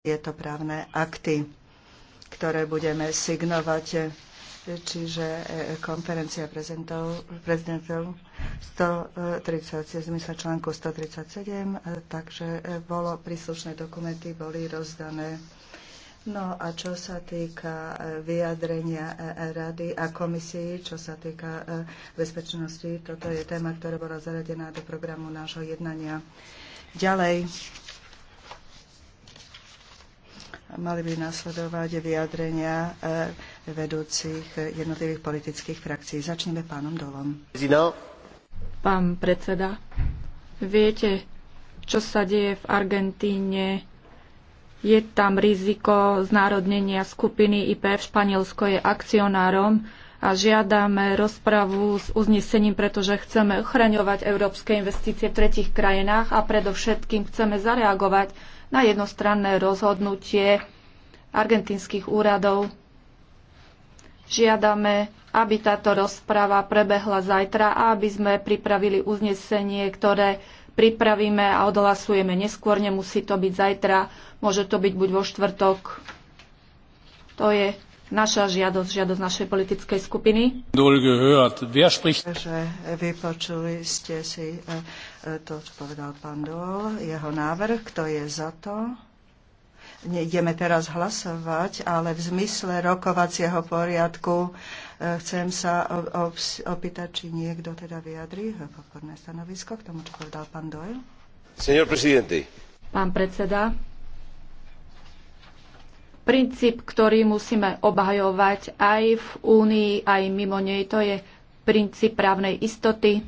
tieto právne akty, ktoré budeme signovať. Čiže e, e, konferencia prezidentov, 137 e, zmysle článku 137, takže bolo, príslušné dokumenty boli rozdané. No a čo sa týka vyjadrenia rady a komisii, čo sa týka bezpečnosti, toto je téma, ktorá bola zaradená do programu nášho jednania. Ďalej, mali by nasledovať vyjadrenia eh, vedúcich jednotlivých politických frakcií. Začneme pánom Dolom. Pán predseda, viete, čo sa deje v Argentíne? Je tam riziko znárodnenia skupiny IPF. Španielsko je akcionárom a žiadame rozpravu s uznesením, pretože chceme ochraňovať európske investície v tretich krajinách a predovšetkým chceme zareagovať na jednostranné rozhodnutie argentínskych úradov. Žiadame, aby táto rozprava prebehla zajtra a aby sme pripravili uznesenie, ktoré pripravíme a odhlasujeme neskôr. Nemusí to byť zajtra, môže to byť buď vo štvrtok. To je naša žiadosť, žiadosť našej politickej skupiny. Takže vypočuli ste si eh, to, čo povedal pán Dol, jeho návrh, kto je za to. Nejdeme teraz hlasovať, ale v zmysle rokovacieho poriadku e, chcem sa opýtať, či niekto teda vyjadrí pokorné stanovisko k tomu, čo povedal pán Doyle. Pán predseda, princíp, ktorý musíme obhajovať aj v Únii, aj mimo nej, to je princíp právnej istoty,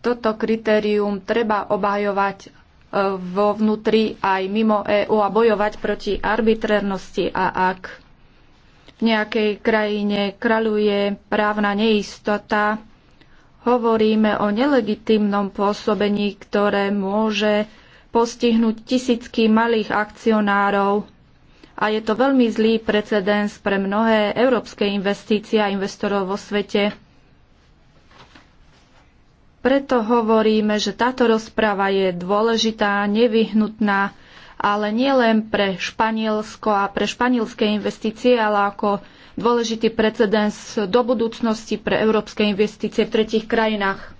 toto kritérium treba obhajovať e, vo vnútri aj mimo EÚ a bojovať proti arbitrérnosti a ak v nejakej krajine kraľuje právna neistota, hovoríme o nelegitímnom pôsobení, ktoré môže postihnúť tisícky malých akcionárov a je to veľmi zlý precedens pre mnohé európske investície a investorov vo svete. Preto hovoríme, že táto rozprava je dôležitá, nevyhnutná, ale nielen pre Španielsko a pre španielské investície, ale ako dôležitý precedens do budúcnosti pre európske investície v tretich krajinách.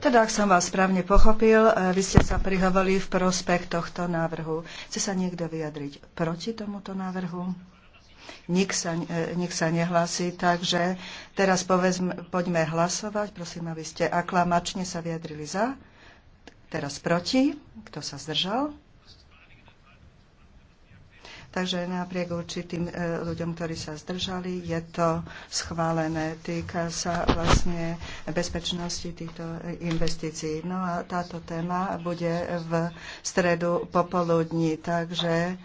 Teda, ak som vás správne pochopil, eh, vy ste sa prihovali v prospech tohto návrhu. Chce sa niekto vyjadriť proti tomuto návrhu? Nik sa, e, nik sa nehlasí, takže teraz povedzme, poďme hlasovať. Prosím, aby ste aklamačne sa vyjadrili za. Teraz proti. Kto sa zdržal? Takže napriek určitým e, ľuďom, ktorí sa zdržali, je to schválené. Týka sa vlastne bezpečnosti týchto e, investícií. No a táto téma bude v stredu popoludní. Takže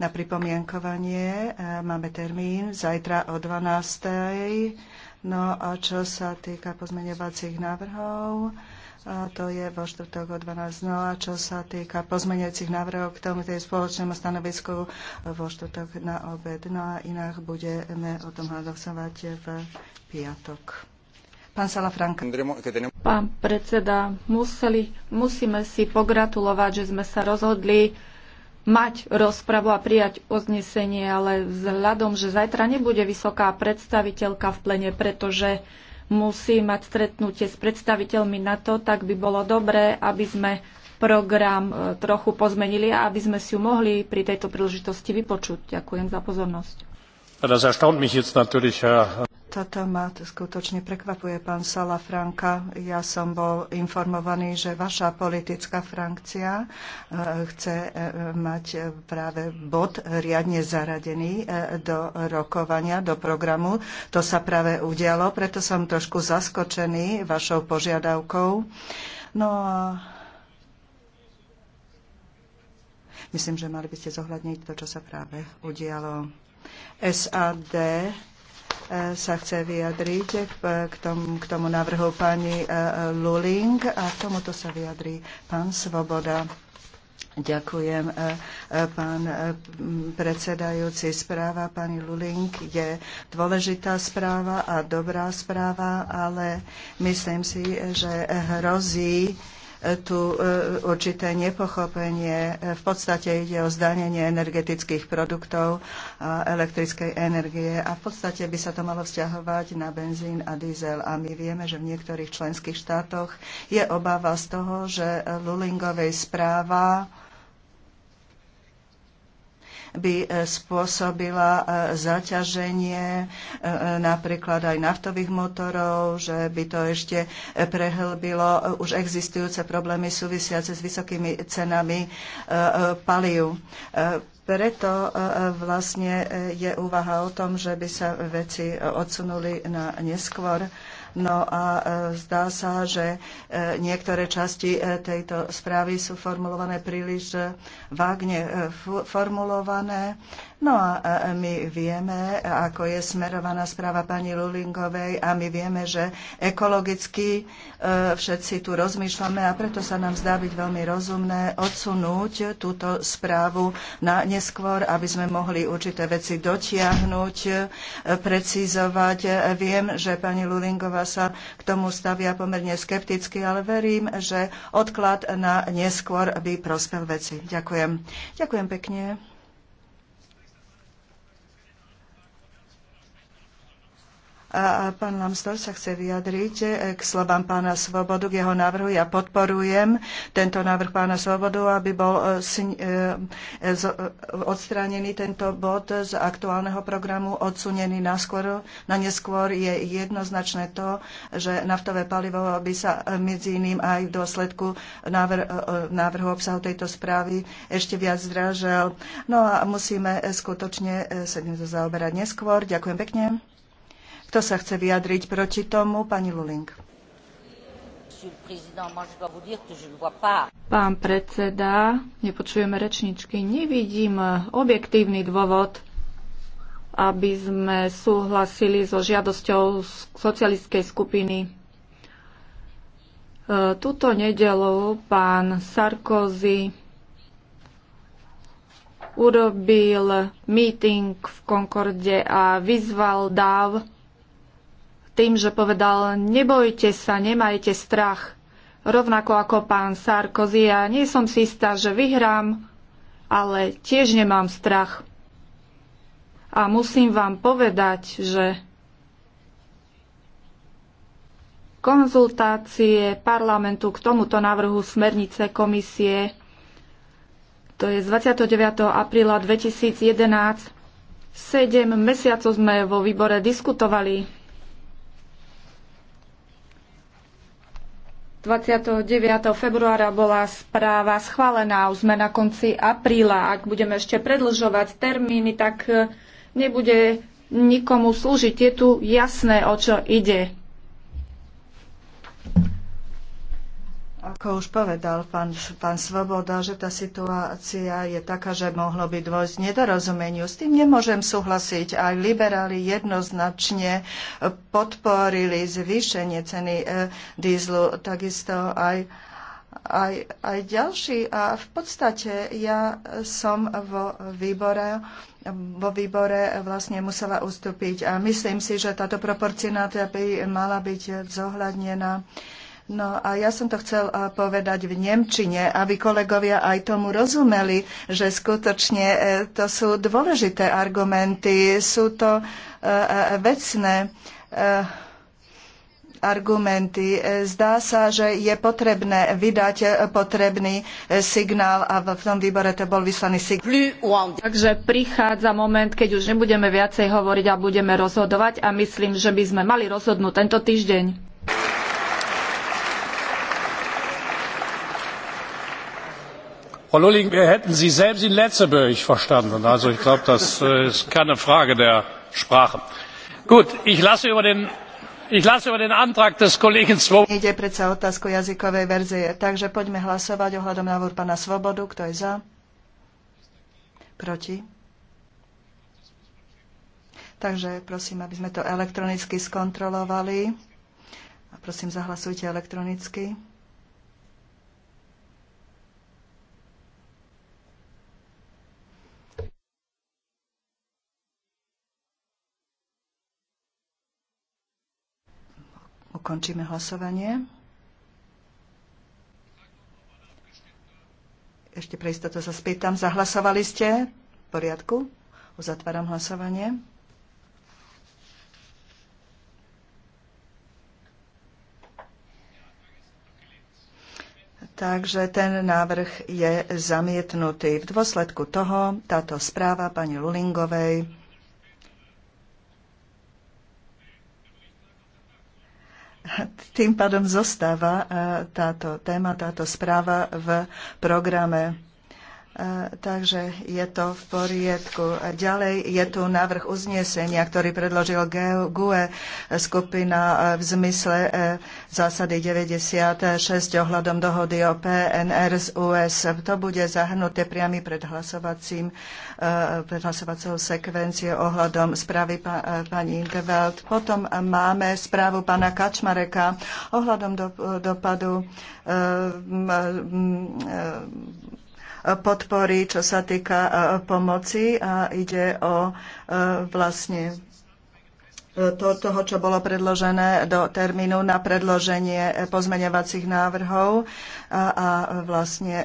na pripomienkovanie. E, máme termín zajtra o 12. No a čo sa týka pozmeňovacích návrhov, a e, to je vo štvrtok o 12. No a čo sa týka pozmeniacich návrhov k tomu tej spoločnému stanovisku vo štvrtok na obed. No a inak budeme o tom hlasovať v piatok. Pán Sala Franka, Pán predseda, museli, musíme si pogratulovať, že sme sa rozhodli mať rozpravu a prijať uznesenie, ale vzhľadom, že zajtra nebude vysoká predstaviteľka v plene, pretože musí mať stretnutie s predstaviteľmi na to, tak by bolo dobré, aby sme program e, trochu pozmenili a aby sme si ju mohli pri tejto príležitosti vypočuť. Ďakujem za pozornosť. Toto ma skutočne prekvapuje, pán Sala Franka. Ja som bol informovaný, že vaša politická frakcia e, chce e, mať práve bod riadne zaradený e, do rokovania, do programu. To sa práve udialo, preto som trošku zaskočený vašou požiadavkou. No a myslím, že mali by ste zohľadniť to, čo sa práve udialo. SAD sa chce vyjadriť k tomu, k tomu návrhu pani e, Luling a k tomuto sa vyjadrí pán Svoboda. Ďakujem, e, e, pán predsedajúci. Správa pani Luling je dôležitá správa a dobrá správa, ale myslím si, že hrozí, tu e, určité nepochopenie. V podstate ide o zdanenie energetických produktov a elektrickej energie a v podstate by sa to malo vzťahovať na benzín a diesel. A my vieme, že v niektorých členských štátoch je obava z toho, že Lulingovej správa by e, spôsobila e, zaťaženie e, napríklad aj naftových motorov, že by to ešte prehlbilo už existujúce problémy súvisiace s vysokými cenami paliu. Preto vlastne je úvaha o tom, že by sa veci odsunuli na neskôr. No a e, zdá sa, že e, niektoré časti e, tejto správy sú formulované príliš vágne formulované. No a my vieme, ako je smerovaná správa pani Lulingovej a my vieme, že ekologicky všetci tu rozmýšľame a preto sa nám zdá byť veľmi rozumné odsunúť túto správu na neskôr, aby sme mohli určité veci dotiahnuť, precizovať. Viem, že pani Lulingová sa k tomu stavia pomerne skepticky, ale verím, že odklad na neskôr by prospel veci. Ďakujem. Ďakujem pekne. A pán Lamstor sa chce vyjadriť e, k slovám pána Svobodu, k jeho návrhu. Ja podporujem tento návrh pána Svobodu, aby bol e, e, odstránený tento bod z aktuálneho programu, odsunený na, skôr, na neskôr. Je jednoznačné to, že naftové palivo by sa medzi iným aj v dôsledku návrhu obsahu tejto správy ešte viac zdražel. No a musíme skutočne sa zaoberať neskôr. Ďakujem pekne. Kto sa chce vyjadriť proti tomu? Pani Luling. Pán predseda, nepočujeme rečničky. Nevidím eh, objektívny dôvod, aby sme súhlasili so žiadosťou socialistskej skupiny. Eh, Tuto nedelu pán Sarkozy urobil meeting v Konkorde a vyzval DAV, tým, že povedal, nebojte sa, nemajte strach. Rovnako ako pán Sarkozy, ja nie som si istá, že vyhrám, ale tiež nemám strach. A musím vám povedať, že konzultácie parlamentu k tomuto návrhu smernice komisie, to je z 29. apríla 2011, Sedem mesiacov sme vo výbore diskutovali 29. februára bola správa schválená, už sme na konci apríla. Ak budeme ešte predlžovať termíny, tak eh, nebude nikomu slúžiť. Je tu jasné, o čo ide. Ako už povedal pán, pán Svoboda, že tá situácia je taká, že mohlo by dôjsť nedorozumeniu. S tým nemôžem súhlasiť. Aj liberáli jednoznačne podporili zvýšenie ceny e, dízlu, takisto aj aj, aj ďalší. A v podstate ja som vo výbore, vo výbore vlastne musela ustúpiť. A myslím si, že táto proporcionáta by mala byť zohľadnená. E, No a ja som to chcel eh, povedať v Nemčine, aby kolegovia aj tomu rozumeli, že skutočne eh, to sú dôležité argumenty, sú to eh, vecné argumenty. Zdá sa, že je potrebné vydať potrebný signál a v tom výbore to bol vyslaný signál. Takže prichádza moment, keď už nebudeme viacej hovoriť a budeme rozhodovať a myslím, že by sme mali rozhodnúť tento týždeň. Frau Lulling, wir hätten Sie selbst in Letzteburg verstanden. Also ich glaube, das äh, ist keine Frage der Sprache. Gut, ich lasse über den Antrag des Kollegen Svobodu. Ide predsa o otázku jazykovej verzie. Takže poďme hlasovať ohľadom návrhu pána swobodu Kto je za? Proti? Takže prosím, aby sme to elektronicky skontrolovali. A prosím, zahlasujte elektronicky. Končíme hlasovanie. Ešte pre istotu sa spýtam, zahlasovali ste? V poriadku? Uzatváram hlasovanie. Takže ten návrh je zamietnutý. V dôsledku toho táto správa pani Lulingovej Tým pádom zostáva e, táto téma, táto správa v programe E, takže je to v poriadku. Ďalej je tu návrh uznesenia, ktorý predložil GUE skupina e, v zmysle e, zásady 96 ohľadom dohody o PNR z US. To bude zahrnuté priami pred, hlasovacím, pred hlasovacou sekvenciou ohľadom správy pani Intervelt. Potom máme správu pana Kačmareka ohľadom do, dopadu podpory, čo sa týka e, pomoci a ide o e, vlastne e, to, toho, čo bolo predložené do termínu na predloženie pozmeňovacích návrhov a, a vlastne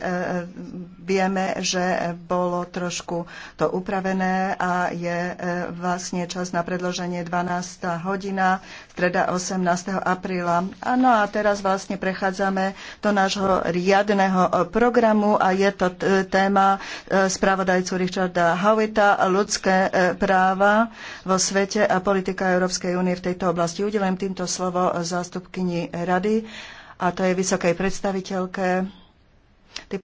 vieme, že bolo trošku to upravené a je vlastne čas na predloženie 12. hodina streda 18. apríla. Áno, a teraz vlastne prechádzame do nášho riadného programu a je to téma e, spravodajcu Richarda Howita ľudské e, práva vo svete a politika Európskej únie v tejto oblasti. Udelujem týmto slovo zástupkyni rady a to je vysokej predstaviteľke